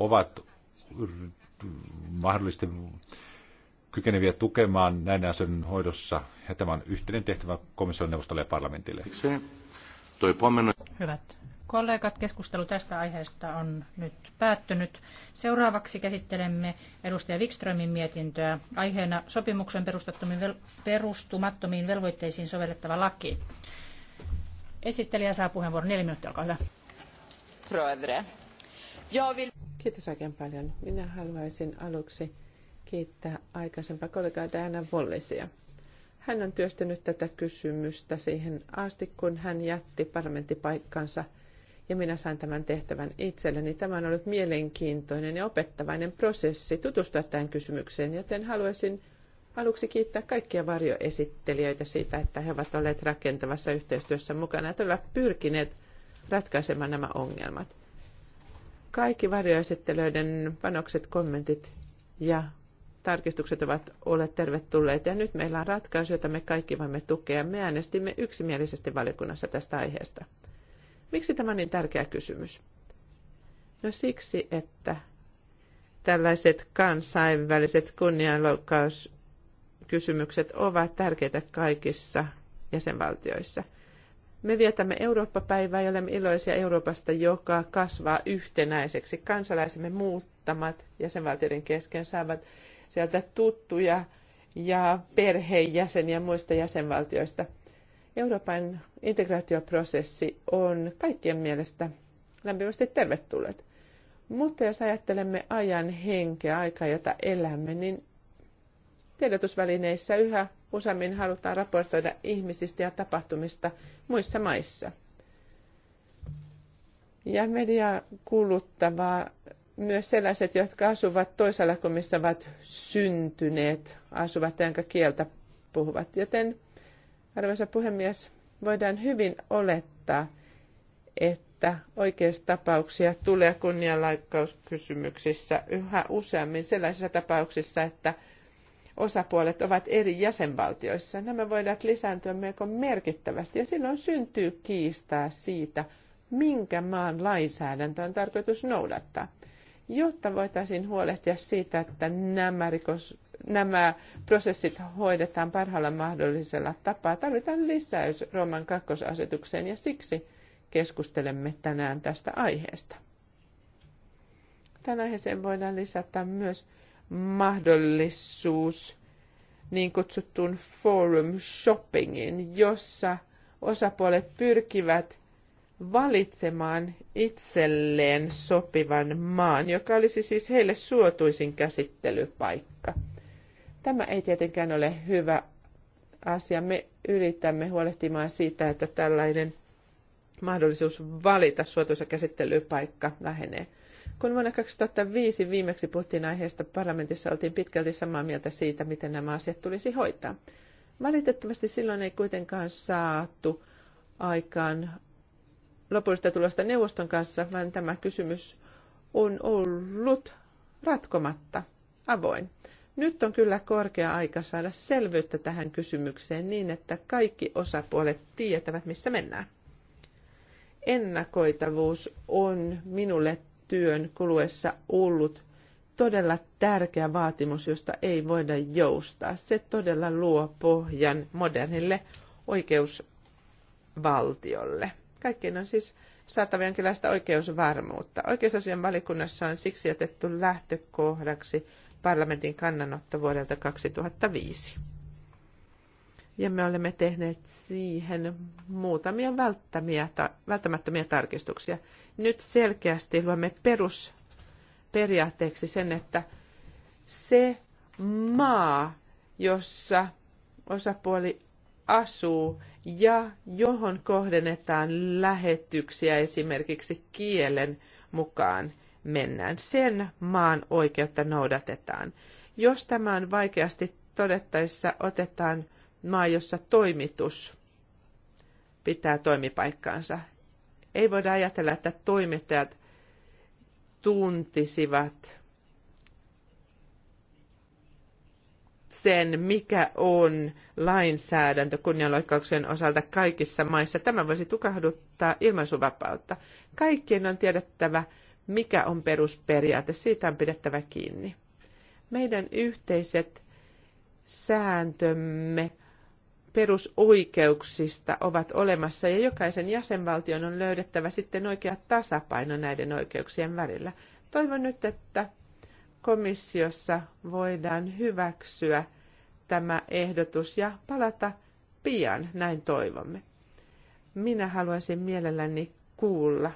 ovat mahdollisesti kykeneviä tukemaan näin asioiden hoidossa. Ja tämä on yhteinen tehtävä komission neuvostolle ja parlamentille. Hyvät kollegat, keskustelu tästä aiheesta on nyt päättynyt. Seuraavaksi käsittelemme edustaja Wikströmin mietintöä aiheena sopimuksen perustumattomiin velvoitteisiin sovellettava laki. Esittelijä saa puheenvuoron. Neljä minuuttia, olkaa hyvä. Kiitos oikein paljon. Minä haluaisin aluksi kiittää aikaisempaa kollegaa Diana Wallisia. Hän on työstänyt tätä kysymystä siihen asti, kun hän jätti parlamenttipaikkansa ja minä sain tämän tehtävän itselleni. Tämä on ollut mielenkiintoinen ja opettavainen prosessi tutustua tähän kysymykseen, joten haluaisin aluksi kiittää kaikkia varjoesittelijöitä siitä, että he ovat olleet rakentavassa yhteistyössä mukana ja todella pyrkineet ratkaisemaan nämä ongelmat. Kaikki varjoesittelyiden panokset, kommentit ja tarkistukset ovat olleet tervetulleita. Ja nyt meillä on ratkaisu, jota me kaikki voimme tukea. Me äänestimme yksimielisesti valiokunnassa tästä aiheesta. Miksi tämä on niin tärkeä kysymys? No siksi, että tällaiset kansainväliset kunnianloukkauskysymykset ovat tärkeitä kaikissa jäsenvaltioissa – me vietämme Eurooppa-päivää ja olemme iloisia Euroopasta, joka kasvaa yhtenäiseksi. Kansalaisemme muuttamat jäsenvaltioiden kesken saavat sieltä tuttuja ja perheenjäseniä muista jäsenvaltioista. Euroopan integraatioprosessi on kaikkien mielestä lämpimästi tervetullut. Mutta jos ajattelemme ajan henkeä, aikaa, jota elämme, niin tiedotusvälineissä yhä useammin halutaan raportoida ihmisistä ja tapahtumista muissa maissa. Ja media kuluttavaa myös sellaiset, jotka asuvat toisella kuin missä ovat syntyneet, asuvat jonka kieltä puhuvat. Joten, arvoisa puhemies, voidaan hyvin olettaa, että tapauksia tulee kunnianlaikkauskysymyksissä yhä useammin sellaisissa tapauksissa, että osapuolet ovat eri jäsenvaltioissa. Nämä voivat lisääntyä melko merkittävästi ja silloin syntyy kiistaa siitä, minkä maan lainsäädäntö on tarkoitus noudattaa, jotta voitaisiin huolehtia siitä, että nämä, rikos, nämä prosessit hoidetaan parhaalla mahdollisella tapaa. Tarvitaan lisäys Rooman kakkosasetukseen ja siksi keskustelemme tänään tästä aiheesta. Tänään aiheeseen voidaan lisätä myös mahdollisuus niin kutsuttuun forum shoppingiin, jossa osapuolet pyrkivät valitsemaan itselleen sopivan maan, joka olisi siis heille suotuisin käsittelypaikka. Tämä ei tietenkään ole hyvä asia. Me yritämme huolehtimaan siitä, että tällainen mahdollisuus valita suotuisa käsittelypaikka vähenee. Kun vuonna 2005 viimeksi puhuttiin aiheesta, parlamentissa oltiin pitkälti samaa mieltä siitä, miten nämä asiat tulisi hoitaa. Valitettavasti silloin ei kuitenkaan saatu aikaan lopullista tulosta neuvoston kanssa, vaan tämä kysymys on ollut ratkomatta avoin. Nyt on kyllä korkea aika saada selvyyttä tähän kysymykseen niin, että kaikki osapuolet tietävät, missä mennään. Ennakoitavuus on minulle työn kuluessa ollut todella tärkeä vaatimus, josta ei voida joustaa. Se todella luo pohjan modernille oikeusvaltiolle. Kaikkien on siis saatava jonkinlaista oikeusvarmuutta. Oikeusasian valikunnassa on siksi jätetty lähtökohdaksi parlamentin kannanotto vuodelta 2005 ja me olemme tehneet siihen muutamia välttämättömiä tarkistuksia. Nyt selkeästi luomme perusperiaatteeksi sen, että se maa, jossa osapuoli asuu ja johon kohdennetaan lähetyksiä esimerkiksi kielen mukaan mennään. Sen maan oikeutta noudatetaan. Jos tämä on vaikeasti todettaessa, otetaan maa, jossa toimitus pitää toimipaikkaansa. Ei voida ajatella, että toimittajat tuntisivat sen, mikä on lainsäädäntö kunnianloikkauksen osalta kaikissa maissa. Tämä voisi tukahduttaa ilmaisuvapautta. Kaikkien on tiedettävä, mikä on perusperiaate. Siitä on pidettävä kiinni. Meidän yhteiset sääntömme perusoikeuksista ovat olemassa ja jokaisen jäsenvaltion on löydettävä sitten oikea tasapaino näiden oikeuksien välillä. Toivon nyt, että komissiossa voidaan hyväksyä tämä ehdotus ja palata pian, näin toivomme. Minä haluaisin mielelläni kuulla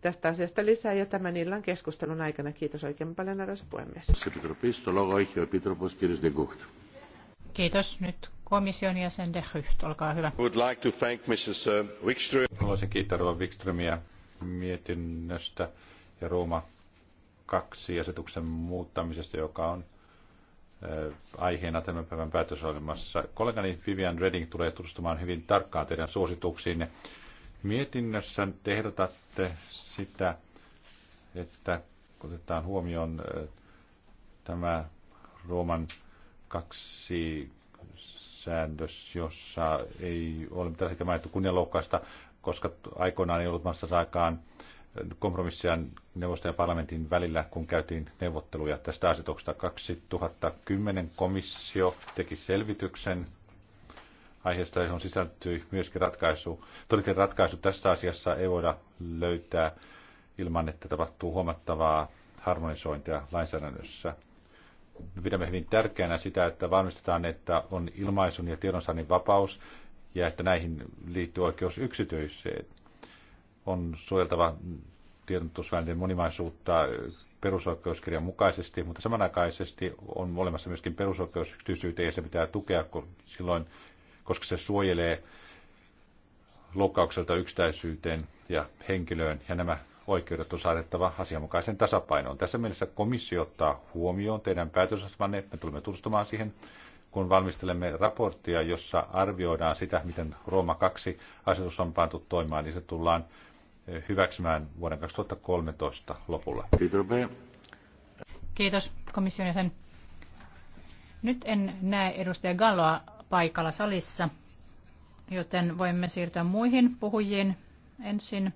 tästä asiasta lisää jo tämän illan keskustelun aikana. Kiitos oikein paljon, arvoisa puhemies. Kiitos. Nyt komission jäsen De Hyft, olkaa hyvä. Would like to thank Mrs. Wikström. Haluaisin kiittää rouva Wikströmiä mietinnöstä ja Rooma kaksi asetuksen muuttamisesta, joka on äh, aiheena tämän päivän päätösohjelmassa. Kollegani Vivian Redding tulee tutustumaan hyvin tarkkaan teidän suosituksiinne. Mietinnössä te ehdotatte sitä, että otetaan huomioon äh, tämä Rooman kaksi säännös, jossa ei ole mitään sitä mainittu kunnianloukkaista, koska aikoinaan ei ollut maassa saakaan kompromissia neuvoston ja parlamentin välillä, kun käytiin neuvotteluja tästä asetuksesta. 2010 komissio teki selvityksen aiheesta, johon sisältyi myöskin ratkaisu. Todettiin ratkaisu tässä asiassa ei voida löytää ilman, että tapahtuu huomattavaa harmonisointia lainsäädännössä me pidämme hyvin tärkeänä sitä, että varmistetaan, että on ilmaisun ja tiedonsaannin vapaus ja että näihin liittyy oikeus yksityiseen. On suojeltava tiedotusvälineiden monimaisuutta perusoikeuskirjan mukaisesti, mutta samanaikaisesti on olemassa myöskin perusoikeus yksityisyyteen ja se pitää tukea kun silloin, koska se suojelee loukkaukselta yksityisyyteen ja henkilöön. Ja nämä oikeudet on saatettava asianmukaisen tasapainoon. Tässä mielessä komissio ottaa huomioon teidän päätösasemanne. Me tulemme tutustumaan siihen, kun valmistelemme raporttia, jossa arvioidaan sitä, miten Rooma 2 asetus on pantu toimimaan, niin se tullaan eh, hyväksymään vuoden 2013 lopulla. Kiitos komission jäsen. Nyt en näe edustaja Galloa paikalla salissa, joten voimme siirtyä muihin puhujiin ensin.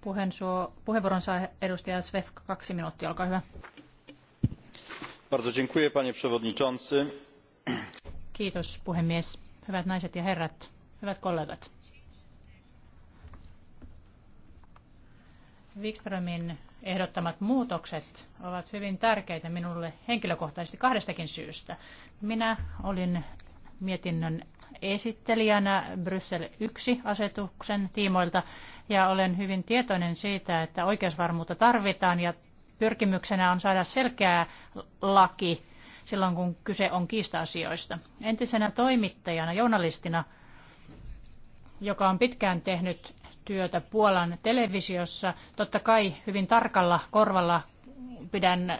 Puheensuo, puheenvuoron saa edustaja Svefka, kaksi minuuttia, olkaa hyvä. Bardzo dziękuję, panie przewodniczący. Kiitos puhemies. Hyvät naiset ja herrat, hyvät kollegat. Wikströmin ehdottamat muutokset ovat hyvin tärkeitä minulle henkilökohtaisesti kahdestakin syystä. Minä olin mietinnön esittelijänä Bryssel 1-asetuksen tiimoilta ja olen hyvin tietoinen siitä, että oikeusvarmuutta tarvitaan ja pyrkimyksenä on saada selkeä laki silloin, kun kyse on kiista-asioista. Entisenä toimittajana, journalistina, joka on pitkään tehnyt työtä Puolan televisiossa, totta kai hyvin tarkalla korvalla pidän,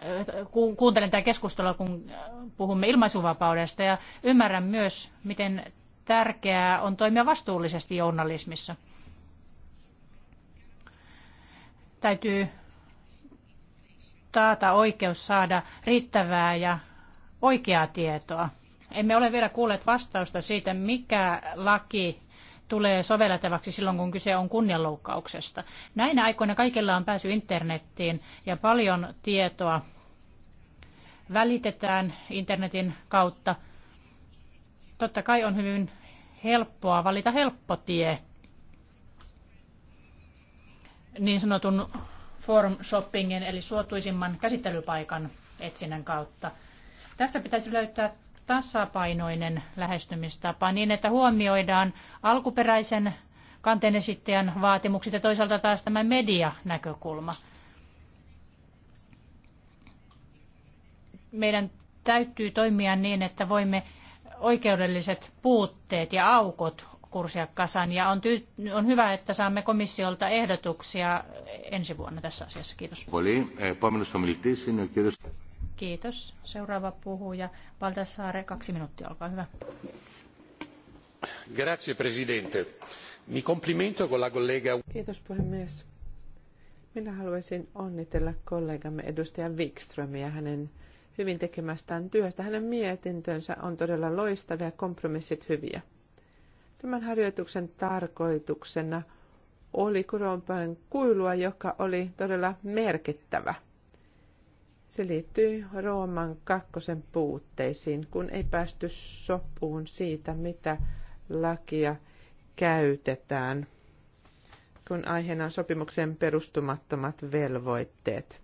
kuuntelen tätä keskustelua, kun puhumme ilmaisuvapaudesta ja ymmärrän myös, miten tärkeää on toimia vastuullisesti journalismissa. Täytyy taata oikeus saada riittävää ja oikeaa tietoa. Emme ole vielä kuulleet vastausta siitä, mikä laki tulee sovellettavaksi silloin, kun kyse on kunnianloukkauksesta. Näinä aikoina kaikilla on pääsy internettiin ja paljon tietoa välitetään internetin kautta. Totta kai on hyvin helppoa valita helppo tie niin sanotun form shoppingin eli suotuisimman käsittelypaikan etsinnän kautta. Tässä pitäisi löytää tasapainoinen lähestymistapa niin, että huomioidaan alkuperäisen kanteen esittäjän vaatimukset ja toisaalta taas tämä medianäkökulma. Meidän täytyy toimia niin, että voimme oikeudelliset puutteet ja aukot kurssia kasaan ja on, tyy- on hyvä, että saamme komissiolta ehdotuksia ensi vuonna tässä asiassa. Kiitos. Kiitos. Seuraava puhuja. Valtasaare, kaksi minuuttia, olkaa hyvä. Grazie, presidente. Mi complimento con la collega... Kiitos puhemies. Minä haluaisin onnitella kollegamme edustaja Wikströmiä hänen hyvin tekemästään työstä. Hänen mietintönsä on todella loistavia ja kompromissit hyviä. Tämän harjoituksen tarkoituksena oli Kuronpäin kuilua, joka oli todella merkittävä. Se liittyy Rooman kakkosen puutteisiin, kun ei päästy sopuun siitä, mitä lakia käytetään, kun aiheena on sopimuksen perustumattomat velvoitteet.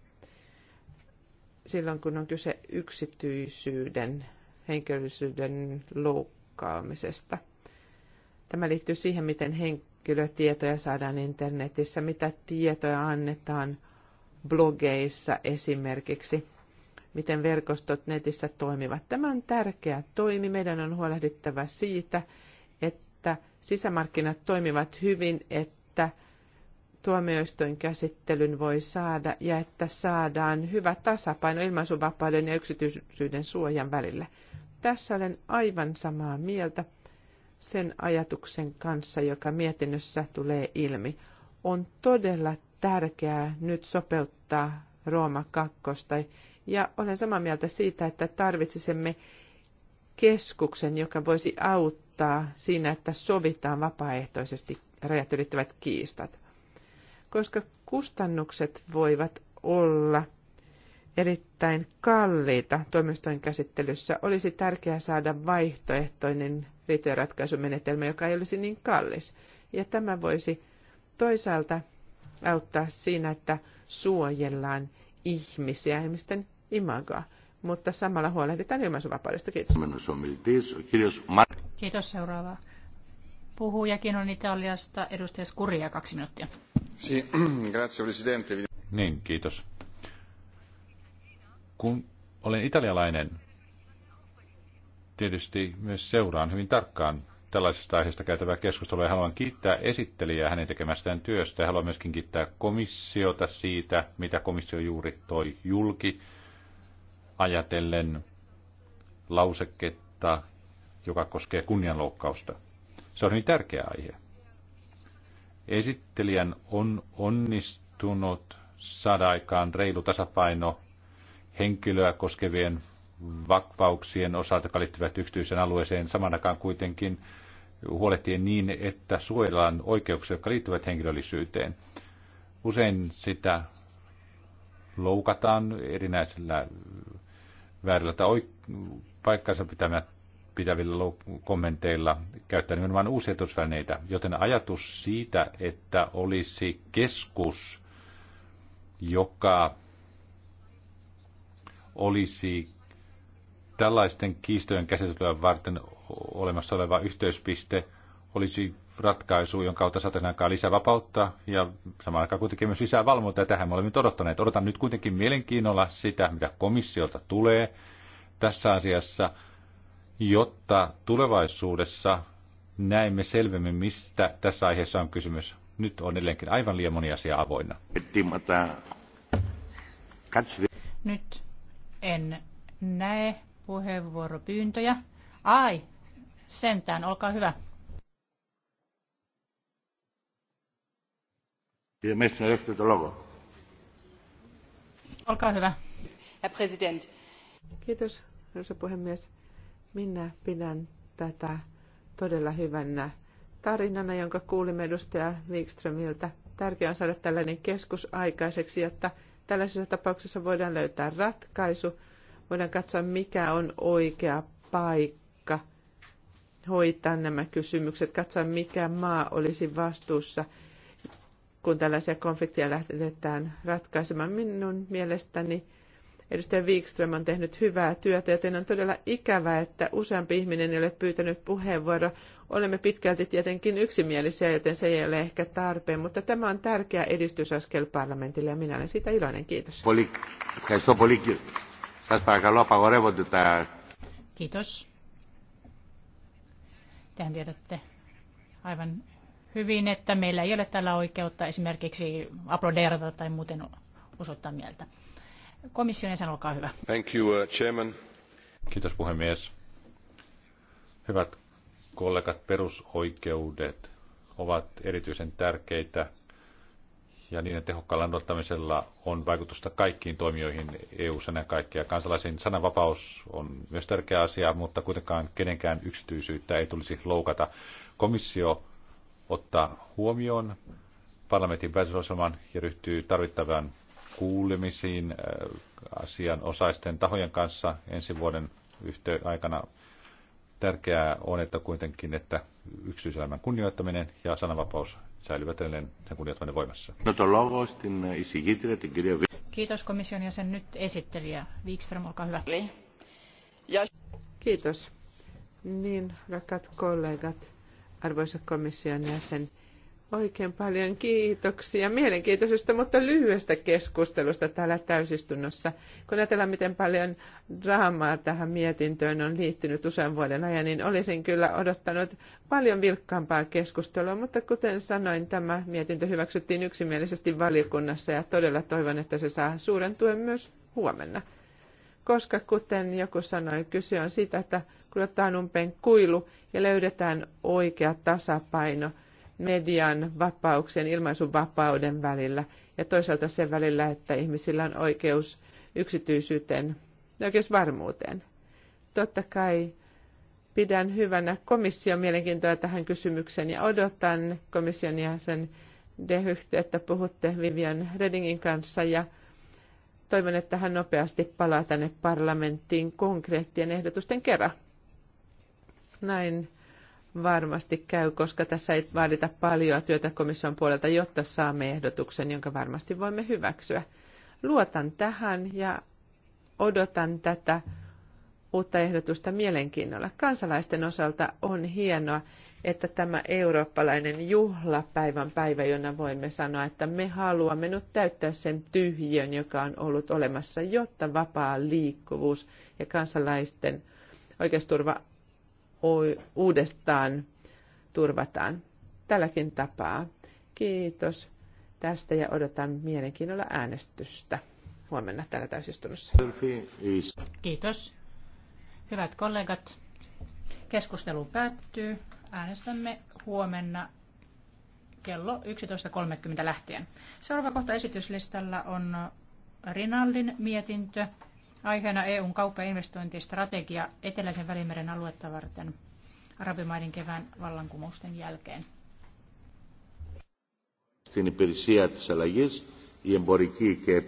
Silloin, kun on kyse yksityisyyden, henkilöllisyyden loukkaamisesta – Tämä liittyy siihen, miten henkilötietoja saadaan internetissä, mitä tietoja annetaan blogeissa esimerkiksi, miten verkostot netissä toimivat. Tämä on tärkeä toimi. Meidän on huolehdittava siitä, että sisämarkkinat toimivat hyvin, että tuomioistuin käsittelyn voi saada ja että saadaan hyvä tasapaino ilmaisuvapauden ja yksityisyyden suojan välillä. Tässä olen aivan samaa mieltä sen ajatuksen kanssa, joka mietinnössä tulee ilmi. On todella tärkeää nyt sopeuttaa Rooma 2. Ja olen samaa mieltä siitä, että tarvitsisimme keskuksen, joka voisi auttaa siinä, että sovitaan vapaaehtoisesti rajat ylittävät kiistat. Koska kustannukset voivat olla erittäin kalliita tuomioistuin käsittelyssä, olisi tärkeää saada vaihtoehtoinen ratkaisumenetelmä, joka ei olisi niin kallis. Ja tämä voisi toisaalta auttaa siinä, että suojellaan ihmisiä, ihmisten imagoa, mutta samalla huolehditaan ilmaisuvapaudesta. Kiitos. Kiitos seuraavaa. Puhujakin on Italiasta, edustaja Skuria, kaksi minuuttia. Niin, kiitos kun olen italialainen, tietysti myös seuraan hyvin tarkkaan tällaisesta aiheesta käytävää keskustelua ja haluan kiittää esittelijää hänen tekemästään työstä ja haluan myöskin kiittää komissiota siitä, mitä komissio juuri toi julki ajatellen lauseketta, joka koskee kunnianloukkausta. Se on hyvin tärkeä aihe. Esittelijän on onnistunut saada aikaan reilu tasapaino henkilöä koskevien vakvauksien osalta, jotka liittyvät yksityisen alueeseen, samanakaan kuitenkin huolehtien niin, että suojellaan oikeuksia, jotka liittyvät henkilöllisyyteen. Usein sitä loukataan erinäisillä väärillä tai paikkansa pitävillä kommenteilla käyttää nimenomaan uusia tiedotusvälineitä, joten ajatus siitä, että olisi keskus, joka olisi tällaisten kiistojen käsittelyä varten olemassa oleva yhteyspiste olisi ratkaisu, jonka kautta saataisiin aikaa lisää vapautta ja samaan aikaan kuitenkin myös lisää valvontaa. Tähän me olemme nyt odottaneet. Odotan nyt kuitenkin mielenkiinnolla sitä, mitä komissiolta tulee tässä asiassa, jotta tulevaisuudessa näemme selvemmin, mistä tässä aiheessa on kysymys. Nyt on edelleenkin aivan liian moni asia avoinna. Nyt en näe puheenvuoropyyntöjä. Ai, sentään, olkaa hyvä. Olkaa hyvä. Kiitos, arvoisa puhemies. Minä pidän tätä todella hyvänä tarinana, jonka kuulimme edustaja Wikströmiltä. Tärkeää on saada tällainen keskus aikaiseksi, jotta Tällaisessa tapauksessa voidaan löytää ratkaisu, voidaan katsoa mikä on oikea paikka hoitaa nämä kysymykset, katsoa mikä maa olisi vastuussa, kun tällaisia konflikteja lähdetään ratkaisemaan. Minun mielestäni Edustaja Wikström on tehnyt hyvää työtä, joten on todella ikävää, että useampi ihminen ei ole pyytänyt puheenvuoroa. Olemme pitkälti tietenkin yksimielisiä, joten se ei ole ehkä tarpeen, mutta tämä on tärkeä edistysaskel parlamentille ja minä olen siitä iloinen. Kiitos. Kiitos. Tähän tiedätte aivan hyvin, että meillä ei ole tällä oikeutta esimerkiksi aplodeerata tai muuten osoittaa mieltä. Komission jäsen, olkaa hyvä. Thank you, uh, chairman. Kiitos puhemies. Hyvät kollegat, perusoikeudet ovat erityisen tärkeitä ja niiden tehokkaalla noudattamisella on vaikutusta kaikkiin toimijoihin eu ja kaikkia. Kansalaisen sananvapaus on myös tärkeä asia, mutta kuitenkaan kenenkään yksityisyyttä ei tulisi loukata. Komissio ottaa huomioon parlamentin päätösosaman ja ryhtyy tarvittavan kuulemisiin äh, asian osaisten tahojen kanssa ensi vuoden yhtey- aikana. Tärkeää on, että kuitenkin, että yksityiselämän kunnioittaminen ja sananvapaus säilyvät edelleen sen kunnioittaminen voimassa. Äh, Kiitos komission jäsen. Nyt esittelijä Wikström, olkaa hyvä. Kiitos. Niin, rakkaat kollegat, arvoisa komission jäsen Oikein paljon kiitoksia mielenkiintoisesta, mutta lyhyestä keskustelusta täällä täysistunnossa. Kun ajatellaan, miten paljon draamaa tähän mietintöön on liittynyt usean vuoden ajan, niin olisin kyllä odottanut paljon vilkkaampaa keskustelua, mutta kuten sanoin, tämä mietintö hyväksyttiin yksimielisesti valiokunnassa ja todella toivon, että se saa suuren tuen myös huomenna. Koska kuten joku sanoi, kyse on siitä, että kun ottaa umpeen kuilu ja löydetään oikea tasapaino – median vapauksen, ilmaisunvapauden välillä ja toisaalta sen välillä, että ihmisillä on oikeus yksityisyyteen ja oikeusvarmuuteen. Totta kai pidän hyvänä komission mielenkiintoa tähän kysymykseen ja odotan komission jäsen Dehyhte, että puhutte Vivian Redingin kanssa ja toivon, että hän nopeasti palaa tänne parlamenttiin konkreettien ehdotusten kerran. Näin varmasti käy, koska tässä ei vaadita paljon työtä komission puolelta, jotta saamme ehdotuksen, jonka varmasti voimme hyväksyä. Luotan tähän ja odotan tätä uutta ehdotusta mielenkiinnolla. Kansalaisten osalta on hienoa, että tämä eurooppalainen juhlapäivän päivä, jona voimme sanoa, että me haluamme nyt täyttää sen tyhjön, joka on ollut olemassa, jotta vapaa liikkuvuus ja kansalaisten oikeusturva uudestaan turvataan. Tälläkin tapaa. Kiitos tästä ja odotan mielenkiinnolla äänestystä huomenna täällä täysistunnossa. Kiitos. Hyvät kollegat, keskustelu päättyy. Äänestämme huomenna kello 11.30 lähtien. Seuraava kohta esityslistalla on Rinaldin mietintö. Aiheena EUn kauppa- ja investointistrategia Eteläisen välimeren aluetta varten arabimaiden kevään vallankumousten jälkeen. Στην υπηρεσία της αλλαγής, η εμπορική και